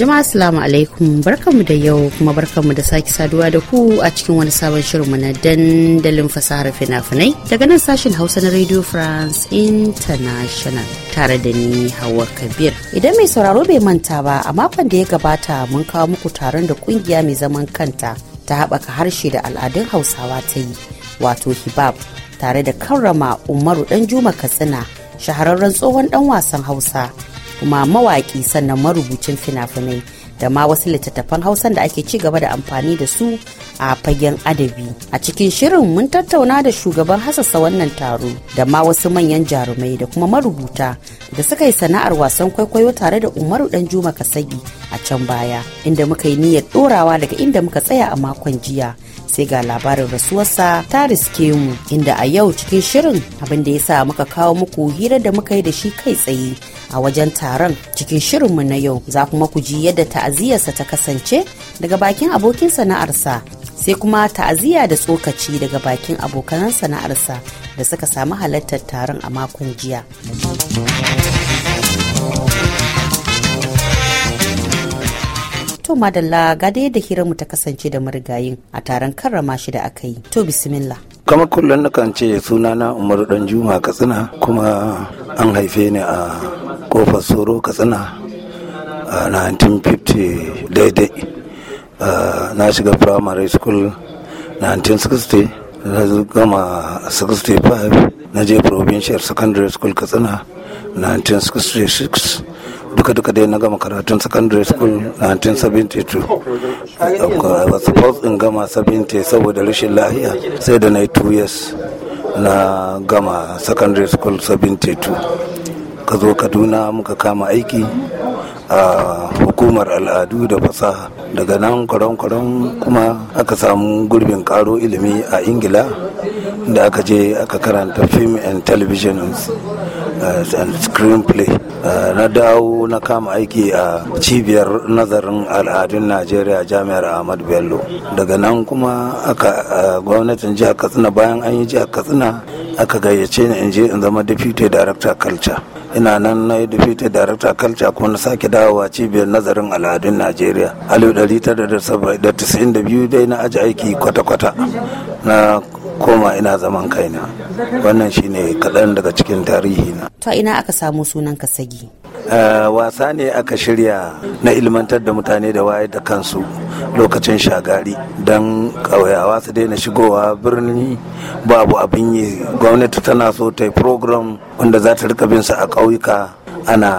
Jama'a assalamu alaikum barkanmu da yau kuma barkanmu da sake saduwa da ku a cikin wani sabon shirin mu na dandalin fasahar fina-finai daga nan sashen Hausa na Radio France International tare da ni Hauwa Kabir. Idan mai sauraro bai manta ba a makon da ya gabata mun kawo muku taron da kungiya mai zaman kanta ta haɓaka harshe da al'adun Hausawa ta yi wato Hibab tare da karrama Umaru Danjuma Katsina shahararren tsohon dan wasan Hausa kuma mawaki sannan marubucin fina-finai da ma wasu littattafan hausan da ake ci gaba da amfani da su a fagen adabi a cikin shirin mun tattauna da shugaban hasassa wannan taro da ma wasu manyan jarumai da kuma marubuta da suka yi sana'ar wasan kwaikwayo tare da umaru dan juma kasagi a can baya inda muka yi niyyar dorawa daga inda muka tsaya a makon jiya sai ga labarin rasuwarsa ta riske mu inda a yau cikin shirin abin da ya sa muka kawo muku hira da muka yi da shi kai tsaye a wajen taron cikin shirinmu na yau za kuma ku ji yadda ta'aziyarsa ta kasance daga bakin abokin sana'arsa sai kuma ta'aziyya da tsokaci daga bakin abokan sana'arsa da suka samu halartar taron a makon jiya. to madalla ga da yadda mu ta kasance da marigayin a taron karrama shi da aka yi to bismillah kamar kullum kan ce na umaru dan juma katsina kuma an haife ni a kofar soro katsina a 1950 daidai na shiga primary school 1960 na gama 65 na je provincial secondary school katsina 1966 duka duka dai na gama karatun secondary school 1972 i was supposed in gama 70 saboda rashin lahiya sai da na yi 2 years na gama secondary school 72 ka zo kaduna muka kama aiki a hukumar al'adu da fasaha daga nan kwaron-kwaron kuma aka samu gurbin karo ilimi a ingila da aka je aka karanta film and televisions Uh, uh, screenplay uh, na dawo na kama aiki a cibiyar nazarin al'adun najeriya jami'ar ahmad bello daga nan kuma aka gwamnatin jihar katsina bayan an yi jihar katsina aka gayyace ni in je in zama deputy director culture ina nan na yi deputy director culture kuma na sake dawowa cibiyar nazarin al'adun najeriya 1992 dai na aji aiki kwata-kwata na koma ina zaman kaina wannan shine kaɗan daga cikin tarihi na to ina aka samu sunan ka kasagi eh, wasa ne aka shirya na ilmantar da mutane da wayar da kansu lokacin shagari don ƙauyawa su daina shigowa birni babu abin yi gwamnati tana so ta yi program wanda za ta rika bin su a ƙauyuka ana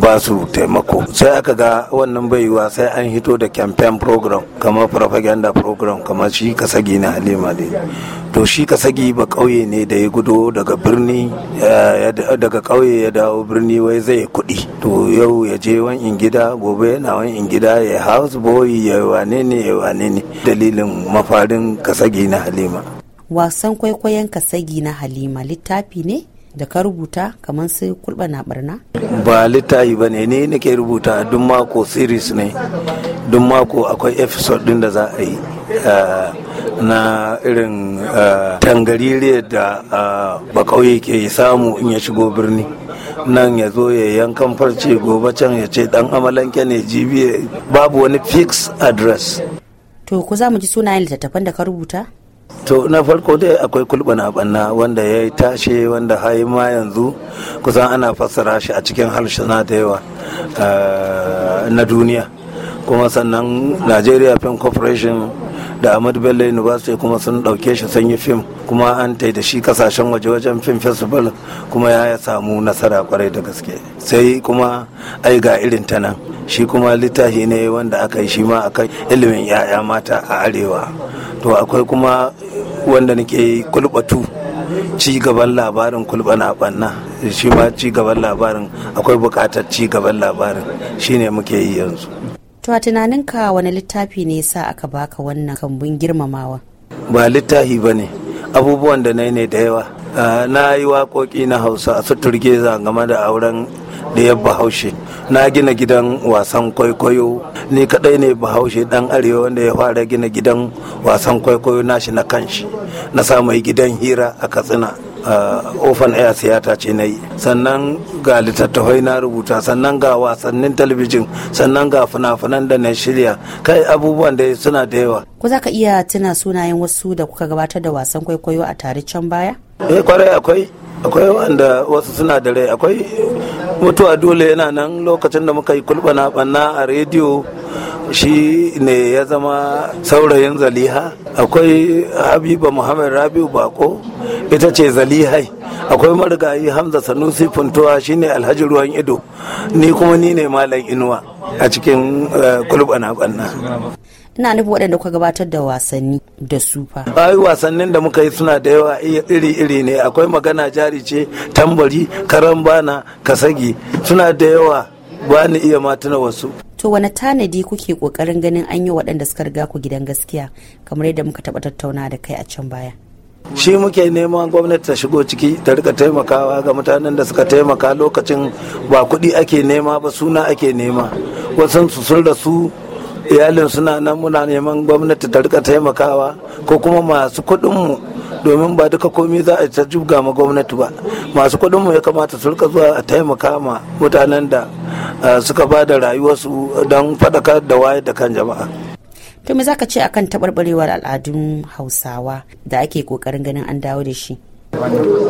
ba su taimako sai aka ga wannan baiwa sai an hito da campaign program kamar propaganda program kama shi kasagi na halima ne to shi kasagi ba kauye ne da ya gudo daga birni eh, daga kauye ya dawo birni wai zai kuɗi to yau ya je wan gida gobe yana wan gida ya house boy ya wane ne ya wane ne dalilin mafarin kasagi na halima wasan kwaikwayon kasagi na halima littafi ne da ka rubuta kamar sai kulba na barna? ba littafi ba ne ne nake rubuta duk mako series ne duk mako akwai episode din da za a yi eh, na irin eh, tangarire da eh, bakauye ke samu in ya shigo birni nan ya zo ya yankan farce gobe can ya ce dan amalanke ne jibiya babu wani fix address to ku za mu ji sunayen littattafan da ka rubuta to na farko dai akwai kulɓana ɓanna wanda ya yi tashe wanda hayi ma yanzu kusan ana fassara shi a cikin harsuna da yawa eh, na duniya kuma sannan nigeria film corporation da ahmad bello university kuma sun ɗauke shi sun yi fim kuma an tai da shi kasashen waje wajen film festival kuma ya samu nasara kwarai da gaske sai kuma ai ga irin ta nan shi kuma littafi ne wanda aka yi shi ma akan ilimin 'ya'ya mata a arewa to akwai kuma wanda nake kulbatu ci gaban labarin kulbana banna shi ma ci gaban labarin akwai bukatar ci gaban labarin shine muke yi yanzu to a tunaninka wani littafi ne sa aka baka wannan kambun girmamawa ba littafi ba ne abubuwan da na ne da yawa ah, na yi waƙoƙi na hausa a suturge game da auren ya bahaushe na gina gidan wasan kwaikwayo ni kaɗai ne bahaushe dan arewa wanda ya fara gina gidan wasan kwaikwayo nashi na kanshi na samu gidan hira a katsina ofan air siyata ce na yi sannan ga littattafai na rubuta sannan ga wasannin talabijin sannan ga fina-finan da na shirya kai abubuwan da suna da yawa ko za ka iya tuna sunayen wasu da kuka gabatar da wasan kwaikwayo a tare can baya eh kwarai akwai akwai wanda wasu suna da rai akwai mutuwa dole yana nan lokacin da muka yi kulɓana banna a rediyo shi ne ya zama saurayin zaliha akwai habiba muhammad rabiu bako ita ce zalihai akwai marigayi hamza sanusi funtuwa shine alhaji ruwan ido ni kuma ni ne malam inuwa a cikin eh, kulɓana ɓanna ina nufin waɗanda kuka gabatar da wasanni da su fa. wasannin da muka yi suna da yawa iri-iri ne akwai magana jari ce tambari karambana kasagi yi suna da yawa ba ni iya matuna wasu to wani tanadi kuke kokarin ganin an yi waɗanda suka riga ku gidan gaskiya kamar yadda muka taɓa tattauna da kai a can baya shi muke neman gwamnati ta shigo ciki ta rika taimakawa ga mutanen da suka taimaka lokacin ba kuɗi ake nema ba suna ake nema wasu sun rasu iyalin suna nan muna neman gwamnati ta rika taimakawa ko kuma masu kuɗinmu domin ba duka komi za a ta juga ma gwamnati ba masu kuɗin mu ya kamata su rika zuwa a taimaka ma mutanen da suka ba da rayuwarsu don faɗaka da wayar da kan jama'a to me zaka ce akan taɓarɓarewar al'adun hausawa da ake ƙoƙarin ganin an dawo da shi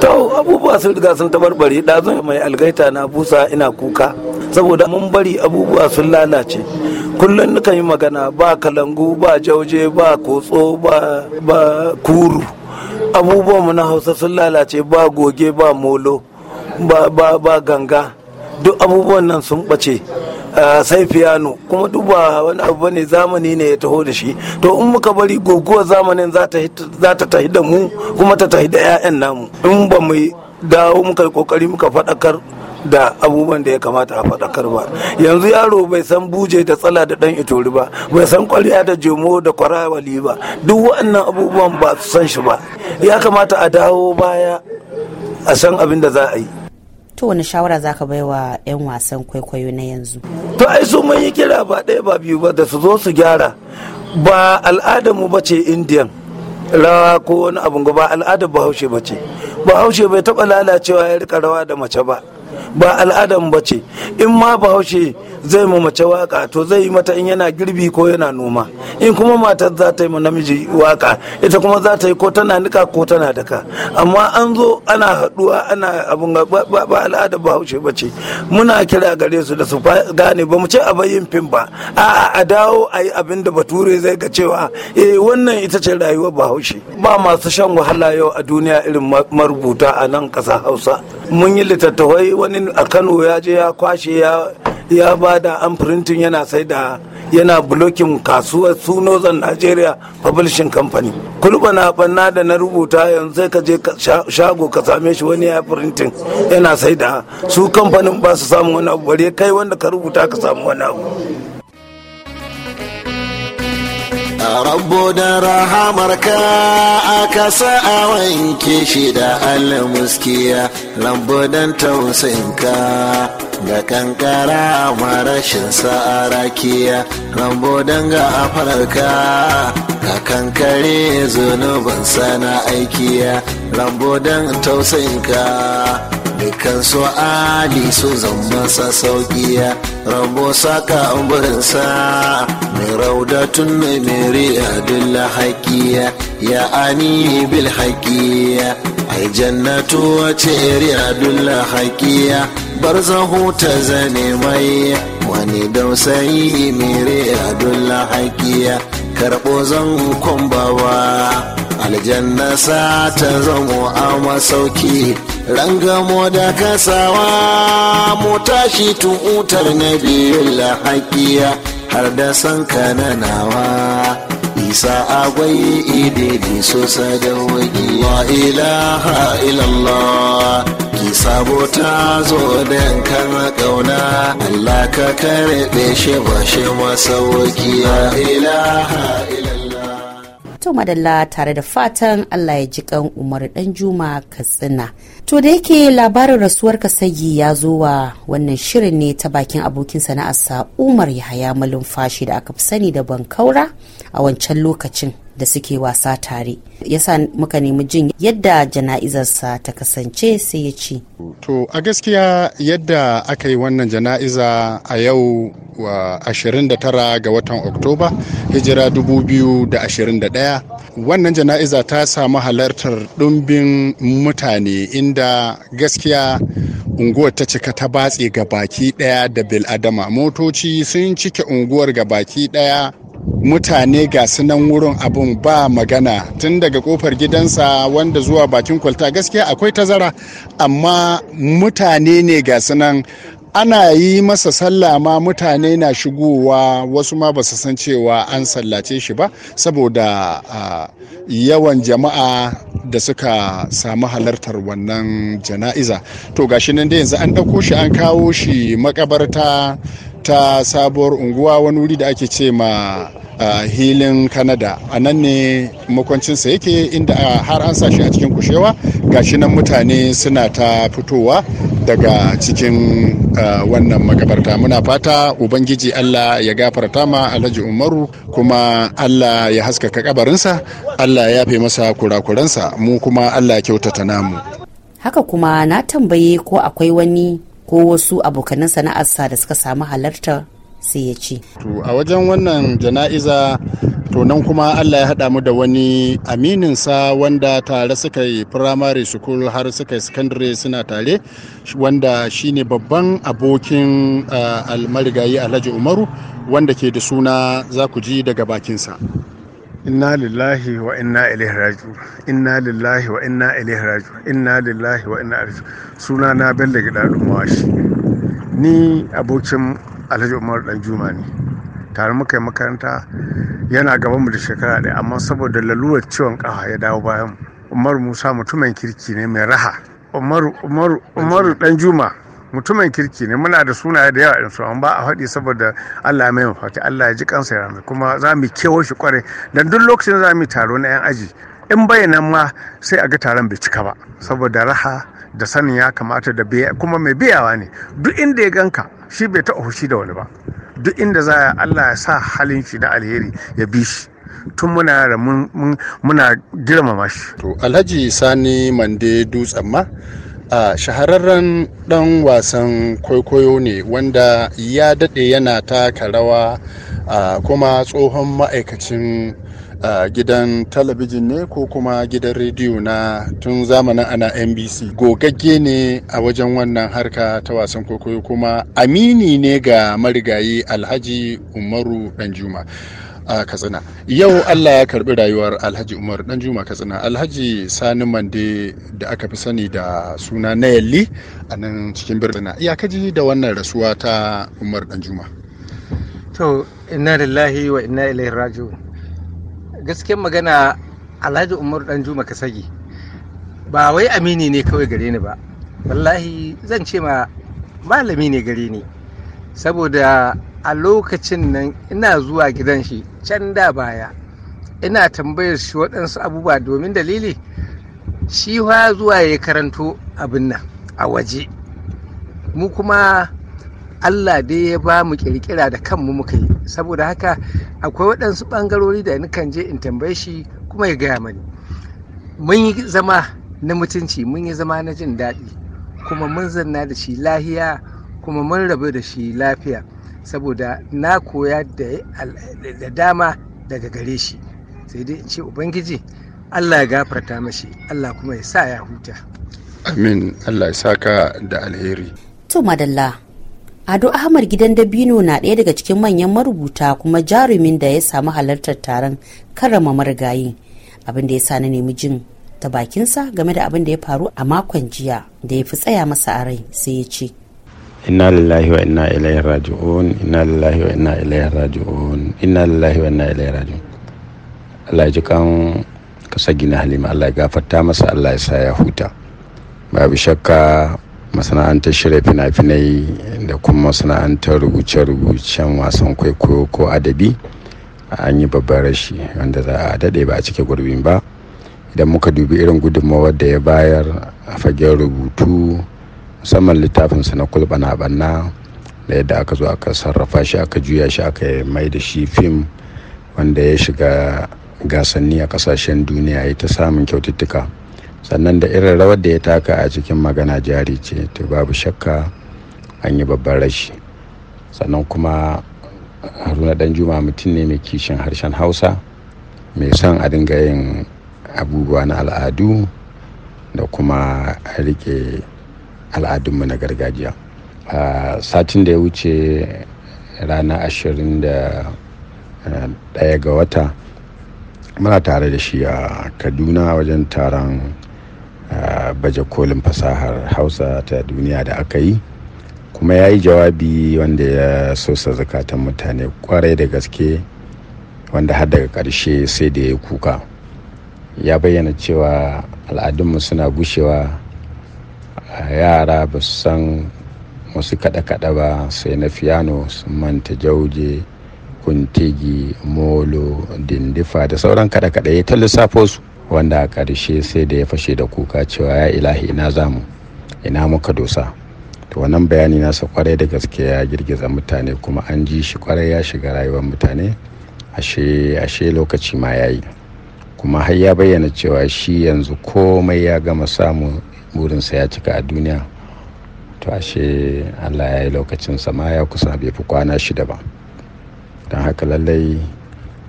to abubuwa sun riga sun tabarbare ɗazu mai algaita na busa ina kuka saboda mun bari abubuwa sun lalace kullum nukan yi magana ba kalangu ba jauje ba kotso ba kuru mu na hausa sun lalace ba goge ba molo ba ganga duk abubuwan nan sun bace sai fiyano kuma duk ba wani abu bane zamani ne ya taho da shi to in muka bari goguwar zamanin za ta tahi da mu kuma ta tahi da 'ya'yan namu in ba mu dawo muka yi kokari muka faɗakar da abubuwan da ya kamata a faɗakar ba yanzu yaro bai san buje da tsala da ɗan itori ba bai san kwarya da jomo da kwarawali ba duk waɗannan abubuwan ba su san shi ba ya kamata a dawo baya a san abin da za a yi to wani shawara zaka bai wa 'yan wasan kwaikwayo na yanzu to ai su mun yi kira ba ɗaya ba biyu ba da su zo su gyara ba al'adarmu ba ce indiyan rawa ko wani abu ba al'adar bahaushe ba ce bahaushe bai taɓa lalacewa ya rika rawa da mace ba ba al'adan ba ce in ma bahaushe zai ma mace waka to zai yi mata in yana girbi ko yana noma in kuma matar za ta yi ma namiji waka ita kuma za ta yi ko tana nika ko tana daka amma an zo ana haduwa ana abun ba al'adar bahaushe ba ce muna kira gare su da su gane ba mu ce a bayin fim ba a a dawo a yi abin da bature zai ga cewa eh wannan ita ce rayuwar bahaushe ba masu shan wahala yau a duniya irin marubuta a nan ƙasa hausa mun yi littattafai wani a kano ya je ya kwashe ya ba da an printing yana sai da yana bulokin kasuwar su northern nigeria publishing company kulba na banna da na rubuta yanzu sai ka je shago ka same shi wani ya printing yana sai da su kamfanin ba su samu wani abu bare kai wanda ka rubuta ka samu wani abu rabbo da rahamarka aka kasa a wanke shi da almuskiya rabbo don ka ga kankara marashin sa'arakiya rambo don ga fararka ka kankare zunubin sana aikiya rambo don ka. dukkan su ali su zama sa saukiya rabo saka umburinsa mai tun mai dilla hakiya ya ani bil hakiya ai jannatu wace adulla hakiya bar zahu ta zane mai wani dausayi mai dilla hakiya karɓo zan kwambawa aljanna sa ta zamo a masauki rangamo da kasawa mu tashi utar na biyu lahakiya har da san kananawa isa agwai ididi sosa da wagi wa ilaha illallah ki sabo ta zo da kana kauna allah ka karbe shi ba shi masauki ya ilaha to madalla tare da fatan allah ya ji kan umar dan juma katsina to da yake labarin rasuwar kasagi ya zo wa wannan shirin ne ta bakin abokin sana'arsa umar yahaya malumfashi da aka fi sani da bankaura a wancan lokacin da suke wasa tare yasa muka nemi jin yadda jana'izarsa ta kasance sai ya ce to a gaskiya yadda aka yi wannan jana'iza a yau 29 ga watan oktoba hijira 2021 wannan jana'iza ta samu halartar ɗumbin mutane inda gaskiya unguwar ta cika ta batse ga baki daya da biladama motoci sun cike unguwar ga baki daya mutane ga sunan wurin abun ba magana tun daga kofar gidansa wanda zuwa bakin kwalta gaskiya akwai tazara amma mutane ne ga sunan ana yi masa sallah ma mutane na shigowa wasu ma ba su san cewa an sallace shi ba saboda yawan jama'a da suka samu halartar wannan jana'iza to gashi nan da yanzu an ɗauko shi an kawo shi makabarta ta sabuwar unguwa wani wuri da ake ce ma hilin kanada a nan ne makwancinsa yake inda har an sa a cikin kushewa gashi nan mutane suna ta fitowa daga cikin wannan makabarta muna fata ubangiji allah ya gafarta ma alhaji umaru kuma allah ya haskaka kabarinsa allah ya fi masa kurakuransa mu kuma allah ya kyautata namu haka kuma na tambaye ko akwai wani ko wasu abokanan sana'arsa da suka samu halarta sai ya ce. a wajen wannan jana'iza to nan kuma allah ya haɗa mu da wani amininsa wanda tare suka yi firamare school har suka yi secondary suna tare wanda shine babban abokin eh, almarigayi alhaji umaru wanda ke da suna za ku ji daga bakinsa. inna lillahi wa inna ilaihi raji'un inna lillahi wa inna ilaihi raji'un inna lillahi wa inna ilaihi suna na bello gidadun mawashi ni abokin alhaji umar dan juma ne tare muka yi makaranta yana gaban mu da shekara ɗaya amma saboda lalurar ciwon ƙafa ya dawo bayan umar musa mutumin kirki ne mai raha umar umar umar dan juma mutumin kirki ne muna da sunaye da yawa su amma ba a faɗi saboda Allah mai mafaki Allah ya ji kansa ya rami kuma za mu kewo shi kwarai dan duk lokacin za mu taro na yan aji in bayyana ma sai a ga taron bai cika ba saboda raha da sanin ya kamata da kuma mai biyawa ne duk inda ya ganka shi bai taɓa fushi da wani ba duk inda za a Allah ya sa halin shi na alheri ya bi shi tun muna muna girmama shi to alhaji sani mande dutsen ma a shahararren dan wasan kwaikwayo ne wanda ya dade yana taka rawa a kuma tsohon ma'aikacin gidan talabijin ne ko kuma gidan rediyo na tun zamanin ana nbc gogagge ne a wajen wannan harka ta wasan kwaikwayo kuma amini ne ga marigayi alhaji umaru danjuma a katsina yau allah ya karbi rayuwar alhaji umar dan juma katsina alhaji sani mande da aka fi sani da suna na yalli a nan cikin birnin ya kaji da wannan rasuwa ta umar dan juma to inna lillahi wa inna ilaihi raji'un gaskiyar magana alhaji umar dan juma ka kasagi ba wai amini ne kawai gare ni ba wallahi zan ce ma malami ne gare ni saboda a lokacin nan ina zuwa gidan shi can da baya ina tambayar shi waɗansu abubuwa domin dalili shi fa zuwa ya karanto abin nan a waje mu kuma Allah dai ya ba mu kirkira da kanmu muka yi saboda haka akwai waɗansu ɓangarori da ni kan je in tambaye shi kuma ya gaya mani mun yi zama na mutunci mun yi zama na jin daɗi kuma mun zanna da shi lahiya kuma mun rabu da shi lafiya saboda na koya da dama daga gare shi sai dai in ce ubangiji allah ya gafarta mashi allah kuma ya sa ya huta amin allah ya saka da alheri to madalla ado ahmad gidan dabino na ɗaya daga cikin manyan marubuta kuma jarumin da ya samu halartar taron karrama marigayi abin da ya sa na nemi jin ta bakinsa game da abin da ya faru a makon jiya da ya fi tsaya masa a rai sai ya ce inna lillahi wa inna ilayhi raji'un inna lillahi wa inna ilayhi raji'un inna lillahi wa inna ilayhi raji'un Allah ya ji kan kasa gina halima Allah ya gafarta masa Allah ya sa ya huta babu shakka masana'antar shirya fina-finai da kuma masana'antar rubuce-rubucen wasan kwaikwayo ko adabi an yi babban rashi wanda za a daɗe ba a cike gurbin ba idan muka dubi irin gudunmawar da ya bayar a fagen rubutu musamman littafinsa na kulba na banna da yadda aka zo aka sarrafa shi aka juya shi aka mai da shi fim wanda ya shiga gasanni a kasashen duniya ya ta samun kyaututtuka sannan da irin rawar da ya taka a cikin magana jari ce to babu shakka an yi babban rashi sannan kuma haruna dan juma mutum ne mai kishin harshen hausa mai son a dinga yin abubuwa na al'adu da kuma rike al'adunmu na gargajiya a satin da ya wuce rana ashirin da eh, ɗaya ga wata muna tare da shi a kaduna wajen taron eh, baje kolin fasahar hausa ta duniya da aka yi kuma ya yi jawabi wanda ya sosa zakatan mutane kwarai da gaske wanda har daga ƙarshe sai da ya yi kuka ya bayyana cewa al'adunmu suna gushewa yara ba su san wasu kaɗe-kaɗe ba sai na fiyano sun manta jauje kuntigi molo dindifa da sauran kaɗe-kaɗe ya ta lissafo su wanda a ƙarshe sai da ya fashe da kuka cewa ya ilahi ina zamu ina muka dosa to wannan bayani nasa kwarai da gaske ya girgiza mutane kuma an ji shi kwarai ya shiga rayuwar mutane ashe ashe lokaci ma yayi kuma har ya bayyana cewa shi yanzu komai ya gama samu burinsa ya cika a duniya to ashe allah ya yi lokacinsa ma ya kusa bai fi kwana shida ba don haka lallai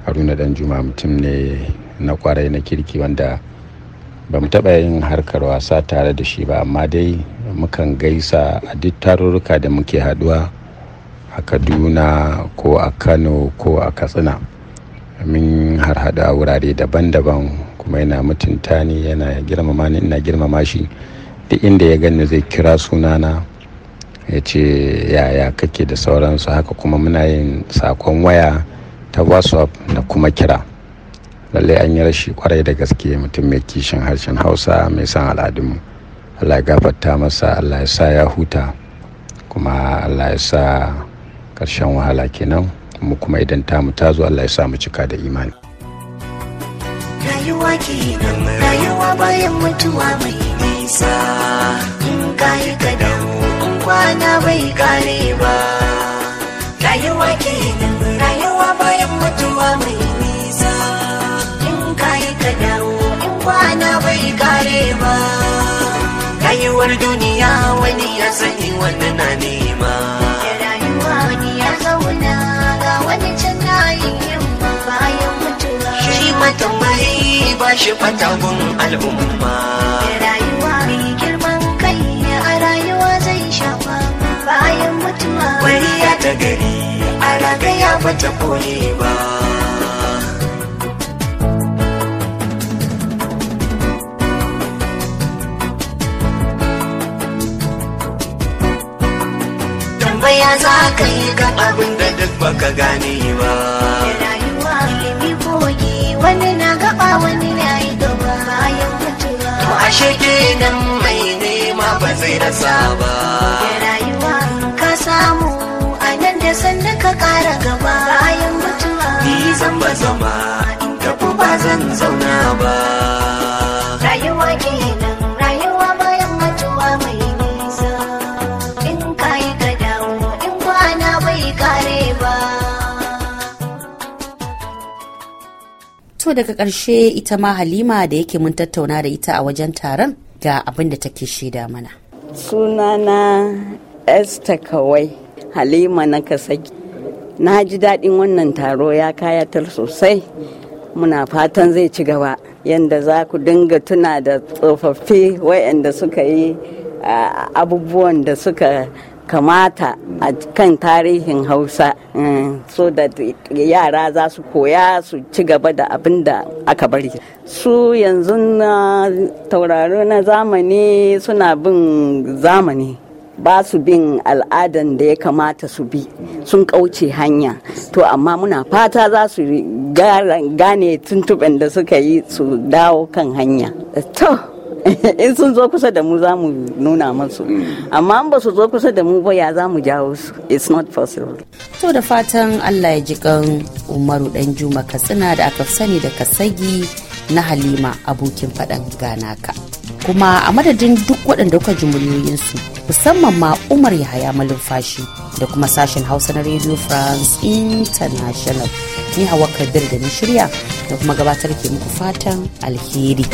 haruna dan juma mutum ne na kwarai na kirki wanda ba mu taɓa yin harkar wasa tare da shi ba amma dai mukan gaisa a duk tarurruka da muke haduwa a kaduna ko a kano ko a katsina min har hada wurare daban-daban kuma yana mutunta ni yana girmama ina girmama shi duk inda ya gani zai kira sunana ya ce yaya kake da sauransu haka kuma muna yin sakon waya ta whatsapp da kuma kira lalle an yi rashi kwarai da gaske mutum mai kishin harshen hausa mai san al'adunmu allah ya gafarta masa allah ya sa ya huta kuma allah ya sa ƙarshen wahala kenan mu kuma idan ta ta zo allah ya sa mu cika da imani rayuwa kenan rayuwa bayan mutuwa mai nisa in kayi ka dawo in kwana bai kare ba rayuwa nan rayuwa bayan mutuwa mai nisa in kayi ka dawo in kwana bai kare ba rayuwar duniya wani ya sani wannan na nema matambayi ba shi fatagun al'umma rayuwa mai girman kai a rayuwa zai shafa bayan mutuwa ya ta gari a ragaya bata kone ba tambaya za ka yi ga abin da duk baka gane ba wani na gaba wani na yi gaba bayan mutuwa to ashe kenan mai nema ba zai rasa ba rayuwa ka samu a nan da sanda ka kara gaba bayan mutuwa ni zan ba zama in tafi ba zan zauna ba To daga ƙarshe ita ma Halima da yake mun tattauna da ita a wajen taron ga abin da take shaida mana. Sunana Esther Kawai Halima na Kasaki. Na ji daɗin wannan taro ya kayatar sosai. Muna fatan zai ci gaba yadda za ku dinga tuna da tsofaffi wayanda suka yi ah, abubuwan da suka kamata a kan tarihin hausa eh, so da yara za su koya su ci gaba da abin da aka bari su yanzu na tauraro na zamani suna bin zamani ba su bin al'adan da ya kamata su bi sun kauce hanya to amma muna fata za su gane tuntuɓen da suka yi su dawo kan hanya in sun zo kusa da mu za mu nuna masu mm. amma in ba su zo kusa da mu ba ya za mu jawo su it's not possible to da fatan Allah ya ji kan Umaru dan Juma Katsina da aka sani da Kasagi na halima abokin faɗan ka kuma a madadin duk waɗanda kuka jimuliyoyinsu musamman ma umar yahaya malumfashi da kuma sashen hausa na radio france international ni hawa kabir da na shirya da kuma gabatar ke muku fatan alheri